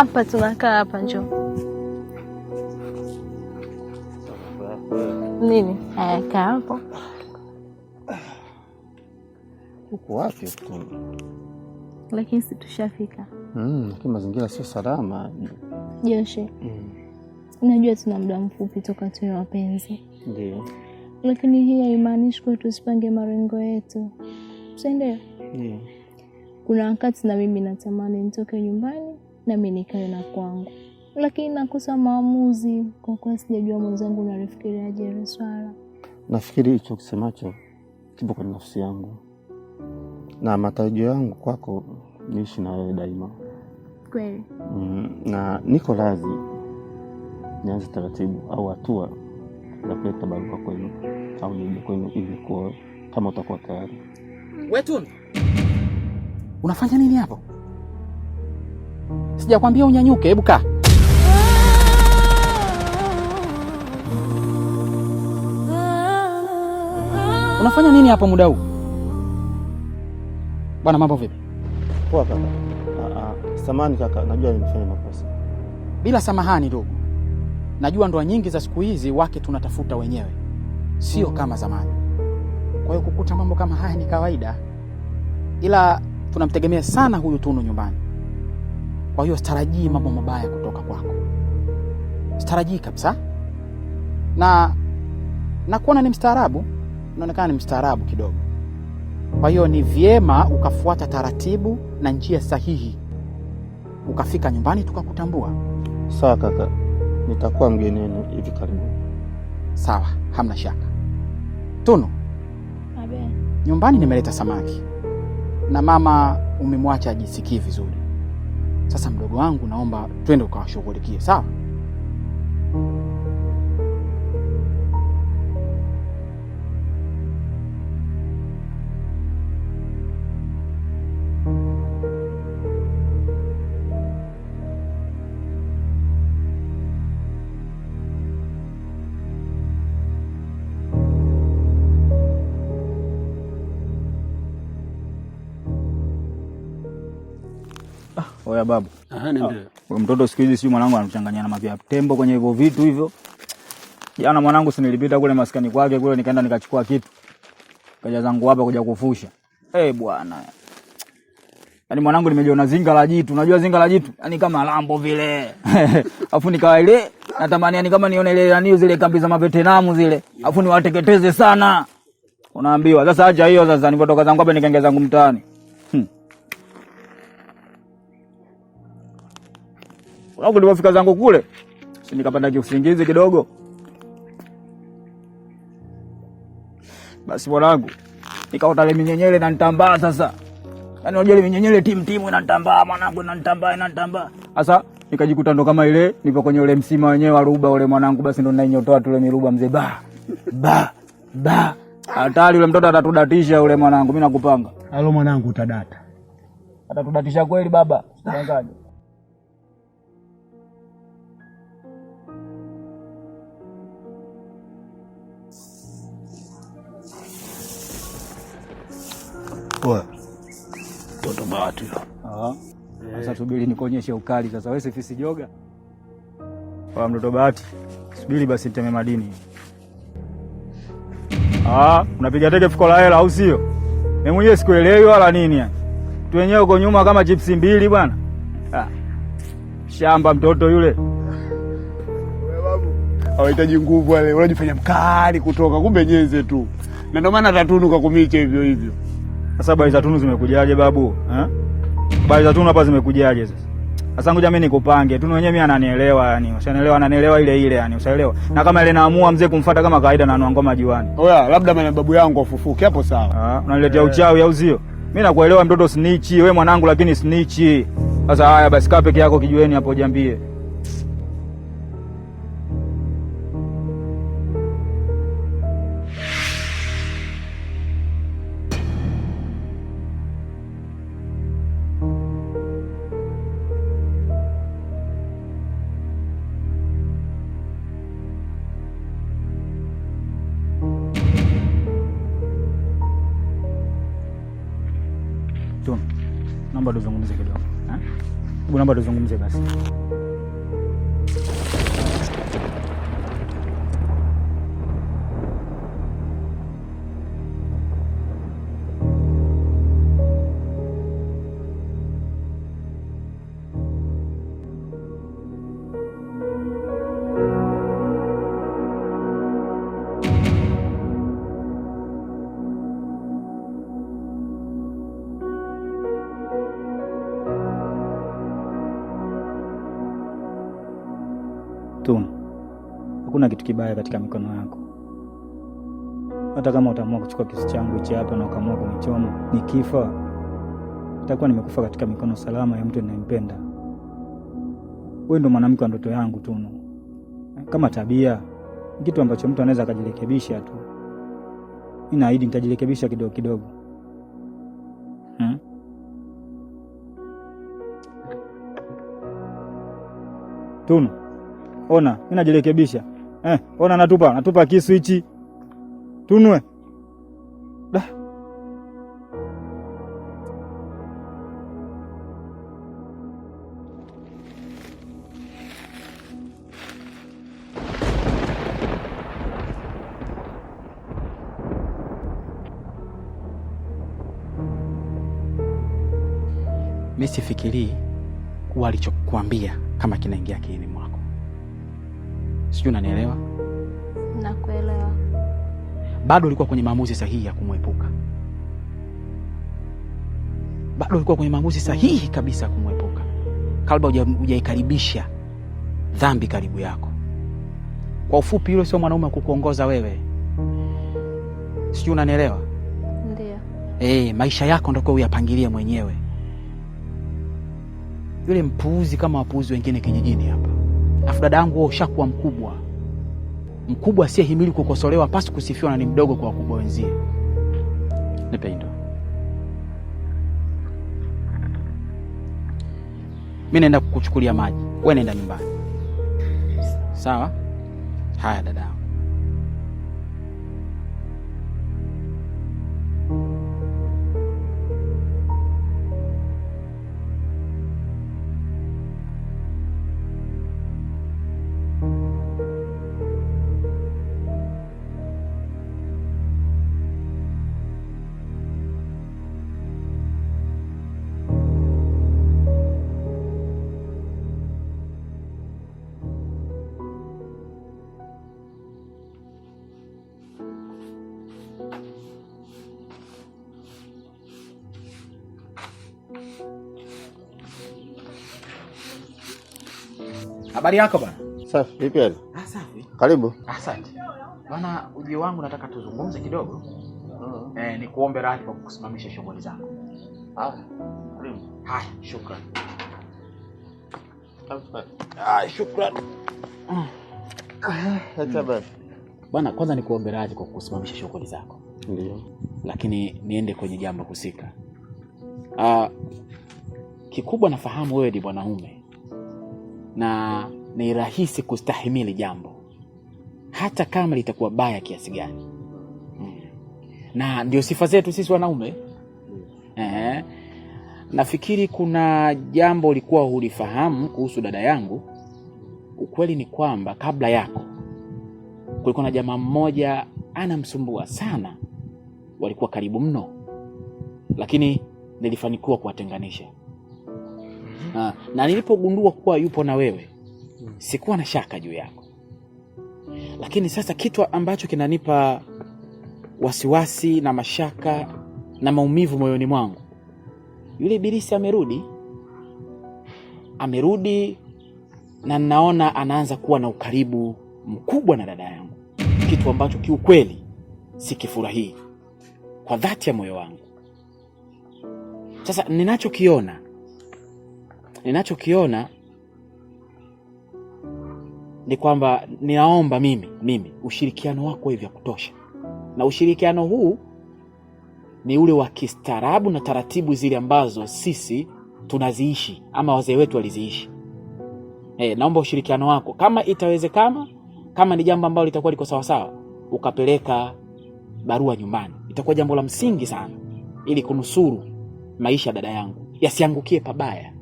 hapa tunakaa hapa, njo Nini? Haya, kaa hapo. Uko wapi huko? Lakini si tushafika? Hmm, lakini mm, mazingira sio salama joshi Mm. Najua tuna muda mfupi toka tuwe wapenzi, ndio, lakini hii haimaanishi kuwa tusipange marengo yetu, si ndio? Kuna wakati na mimi natamani nitoke nyumbani nami nikae na kwangu, lakini nakosa maamuzi kwa kuwa sijajua mwenzangu nalifikiriaje ile swala. Nafikiri hicho kisemacho kipo kwenye nafsi yangu na matarajio yangu kwako niishi na wewe daima kweli. Mm, na niko radhi nianze taratibu au hatua za kuleta barua kwenu au nije kwenu ili kuoa kama utakuwa tayari. Wewe unafanya nini hapo? Sijakwambia unyanyuke? Hebu kaa. Unafanya nini hapo muda huu bwana? Mambo vipi? Poa kaka. Ah, ah, samahani kaka, najua nimefanya makosa. Bila samahani ndugu, najua ndoa nyingi za siku hizi wake tunatafuta wenyewe, sio mm -hmm. kama zamani. Kwa hiyo kukuta mambo kama haya ni kawaida, ila tunamtegemea sana huyu Tunu nyumbani. Kwa hiyo sitarajii mambo mabaya kutoka kwako, sitarajii kabisa. Na nakuona ni mstaarabu, unaonekana ni mstaarabu kidogo. Kwa hiyo ni vyema ukafuata taratibu na njia sahihi, ukafika nyumbani tukakutambua. Sawa kaka, nitakuwa mgenini hivi karibuni. Sawa, hamna shaka. Tunu, nyumbani nimeleta samaki na mama umemwacha ajisikii vizuri sasa mdogo wangu, naomba twende ukawashughulikie, sawa? Ah, oya babu, ule ah, mtoto siku hizi sijui mwanangu anachanganyana na mavya tembo kwenye hivyo vitu hivyo. Jana mwanangu sinilipita kule maskani kwake kule, nikaenda nikachukua kitu kaja zangu hapa kuja kufusha. Eh bwana, yaani mwanangu nimejiona zinga la jitu. Unajua zinga la jitu, yaani kama lambo vile afu nikawa ile natamani, yani kama nione ile nani zile kambi za mavetenamu zile, afu niwateketeze sana. Unaambiwa sasa, acha hiyo sasa. Nilipotoka zangu hapa nikaingia zangu mtaani Kuna kulipofika zangu kule, si nikapata kiusingizi kidogo. Basi mwanangu, nikaota ile minyenyele na nitambaa sasa. Yaani unajua ile minyenyele timu timu inanitambaa mwanangu, inanitambaa inanitambaa. Sasa nikajikuta ndo kama ile nilipo kwenye ule msima wenyewe wa ruba ule mwanangu, basi ndo ninayotoa tule miruba mzee ba ba ba. Hatari yule mtoto atatudatisha yule mwanangu, mimi nakupanga. Halo mwanangu utadata. Atatudatisha kweli baba, usitangaje. Toto bawatu eh. sasa, subiri nikuonyeshe ukali sasa. Wewe sifisi joga wa mtoto Bahati, subiri basi niteme madini. Ah, unapiga teke fuko la hela au sio? Mimi mwenyewe sikuelewi wala nini. Tu wenyewe uko nyuma kama chipsi mbili bwana. Ah. Shamba mtoto yule. Hawahitaji nguvu wale, unajifanya mkali kutoka kumbe nyeze tu. Na ndio maana tatunuka kumiche hivyo hivyo. Sasa habari za Tunu zimekujaje babu? Eh? Habari za Tunu hapa zimekujaje sasa? Sasa ngoja mimi nikupange. Tunu wenyewe mimi ananielewa yani. Ushanielewa, ananielewa ile ile yani, ushaelewa? Hmm. Na kama ile naamua mzee kumfuata kama kawaida na anua ngoma jiwani. Oya, labda mimi babu yangu afufuke hapo sawa. Ah, unaniletea yeah, uchawi au sio? Mimi nakuelewa mtoto snitch, wewe mwanangu lakini snitch. Sasa haya basi kaa peke yako kijiweni hapo jambie. Naomba tuzungumze kidogo. Eh? Naomba tuzungumze basi. Hakuna kitu kibaya katika mikono yako. Hata kama utaamua kuchukua kisu changu hichi hapa na ukaamua kunichoma, nikifa nitakuwa nimekufa katika mikono salama ya mtu ninayempenda. Wewe ndo mwanamke wa ndoto yangu, Tunu. Kama tabia ni kitu ambacho mtu anaweza akajirekebisha tu. Mimi naahidi nitajirekebisha kidogo kidogo, hmm? Tunu, ona, mimi najirekebisha. Eh, ona natupa natupa kisu hichi tunwe da. Mimi sifikirii alichokuambia kama kinaingia kiini mwako. Sijui unanielewa? Nakuelewa. Bado ulikuwa kwenye maamuzi sahihi ya kumwepuka, bado ulikuwa kwenye maamuzi sahihi kabisa ya kumwepuka kabla hujaikaribisha dhambi karibu yako. Kwa ufupi, yule sio mwanaume wa kukuongoza wewe, sijui unanielewa? Ndio. Eh, maisha yako ndio uyapangilie mwenyewe. Yule mpuuzi kama wapuuzi wengine kijijini hapa afu dada yangu wewe ushakuwa mkubwa. Mkubwa asiyehimili kukosolewa pasi kusifiwa na ni mdogo kwa wakubwa wenzie. Nipe ndo. Mimi naenda kukuchukulia maji. Wewe nenda nyumbani. Sawa? Haya dada. Habari yako bwana? Safi, vipi hali? Ah, safi. Karibu. Asante. Bwana, ujio wangu nataka tuzungumze kidogo. Mm. Eh, kuombe radhi kwa kusimamisha shughuli zangu. Ah, karibu. Hai, shukrani. Ah, shukrani. Mm. Bwana, kwanza kuombe radhi kwa kusimamisha shughuli zako. Ndio. Lakini niende kwenye jambo husika. Ah, kikubwa nafahamu wewe ni bwanaume na ni rahisi kustahimili jambo hata kama litakuwa baya kiasi gani. hmm. Na ndio sifa zetu sisi wanaume. Eh, nafikiri kuna jambo ulikuwa hulifahamu kuhusu dada yangu. Ukweli ni kwamba kabla yako kulikuwa na jamaa mmoja anamsumbua sana, walikuwa karibu mno, lakini nilifanikiwa kuwatenganisha mm. na nilipogundua kuwa yupo na wewe mm. sikuwa na shaka juu yako, lakini sasa kitu ambacho kinanipa wasiwasi na mashaka na maumivu moyoni mwangu, yule ibilisi amerudi, amerudi na ninaona anaanza kuwa na ukaribu mkubwa na dada yangu, kitu ambacho kiukweli sikifurahii kwa dhati ya moyo wangu. Sasa ninachokiona ninachokiona ni kwamba ninaomba mimi mimi ushirikiano wako hivi vya kutosha, na ushirikiano huu ni ule wa kistaarabu na taratibu zile ambazo sisi tunaziishi ama wazee wetu waliziishi. E, naomba ushirikiano wako kama itawezekana, kama ni jambo ambalo litakuwa liko sawasawa, ukapeleka barua nyumbani, itakuwa jambo la msingi sana, ili kunusuru maisha dada yangu yasiangukie pabaya.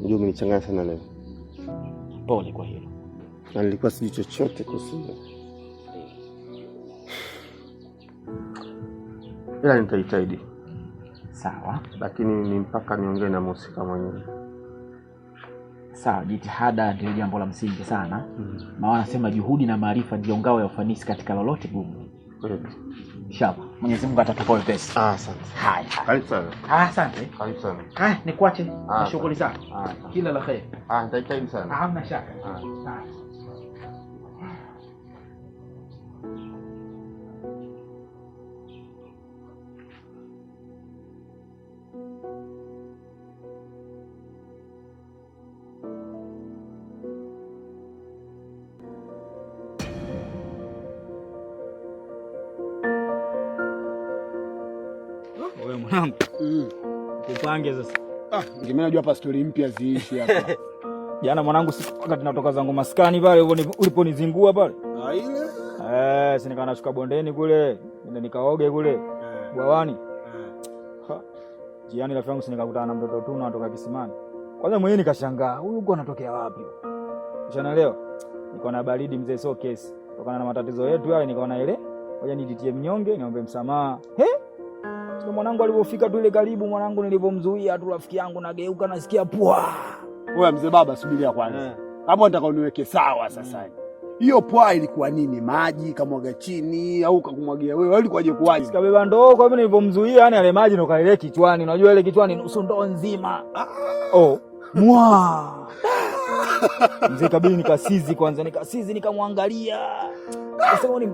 Unajua umenichanganya sana leo. Pole kwa hilo. Na nilikuwa sijui chochote kuhusu. Ila nitajitahidi. Sawa, lakini ni mpaka niongee na mhusika mwenyewe. Sawa, jitihada ndio jambo la msingi sana. Mm. Maana mm, juhudi na maarifa ndio ngao ya ufanisi katika lolote gumu. Shaba. Mwenyezi Mungu atatupa wepesi. Ah, asante. Haya. Karibu sana. Ah, asante. Karibu sana. Ah, nikuache na shughuli zako. Ah, Kila la kheri. Ah, nitahitaji sana. Hamna shaka. Ah. mwanangu. Mm. Tupange sasa. Ah, ngemena najua hapa stori mpya ziishi hapa. Jana mwanangu, sisi wakati natoka zangu maskani pale uliponizingua pale. Ah, ile. Eh, si nikawa nashuka bondeni kule, ndio nikaoge kule. Eh. Bwawani. Eh. Jiani rafiki yangu sinikakutana na mtoto tu natoka kisimani. Kwanza mwenyewe nikashangaa, huyu uko anatokea wapi? leo Niko na baridi mzee, so kesi. Kutokana na matatizo yetu yale nikaona ile. Ngoja nijitie mnyonge niombe msamaha. He? na mwanangu alivyofika tu ile karibu, mwanangu nilivyomzuia tu, rafiki yangu nageuka, nasikia pwa. Wewe mzee baba, subiria kwanza yeah. Hapo nataka uniweke sawa sasa mm. Hiyo pwa ilikuwa nini? Maji kamwaga chini au kakumwagia wewe? Wewe kuwaje? Sikabeba ndoo, kwa hivyo nilivyomzuia, yani ale maji ndo kaile kichwani. Unajua ile kichwani nusu ndoo nzima. Ah. Oh, mwa. Mzee kabili nikasizi kwanza, nikasizi nikamwangalia. Nasema ni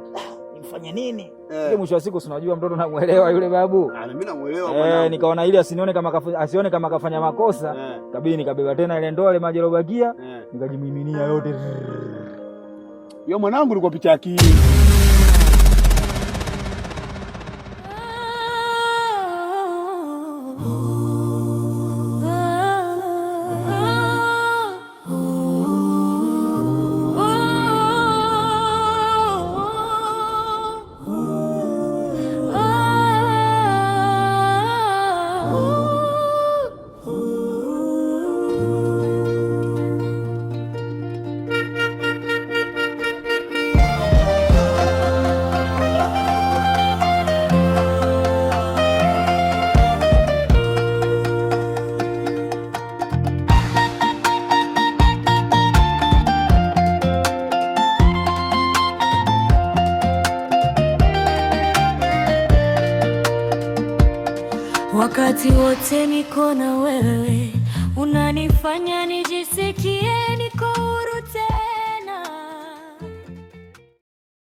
afanye nini? Eh. Ile mwisho wa siku sinajua mtoto namuelewa yule babu. Ah, mimi namuelewa Eh, nikaona ile asinione kama asione kama kafanya makosa, eh. kabidi nikabeba tena ile ndoo ile maji yalobakia, eh. nikajimiminia yote. Yo mwanangu ulikuwa picha akili. Wakati wote niko na wewe, unanifanya nijisikie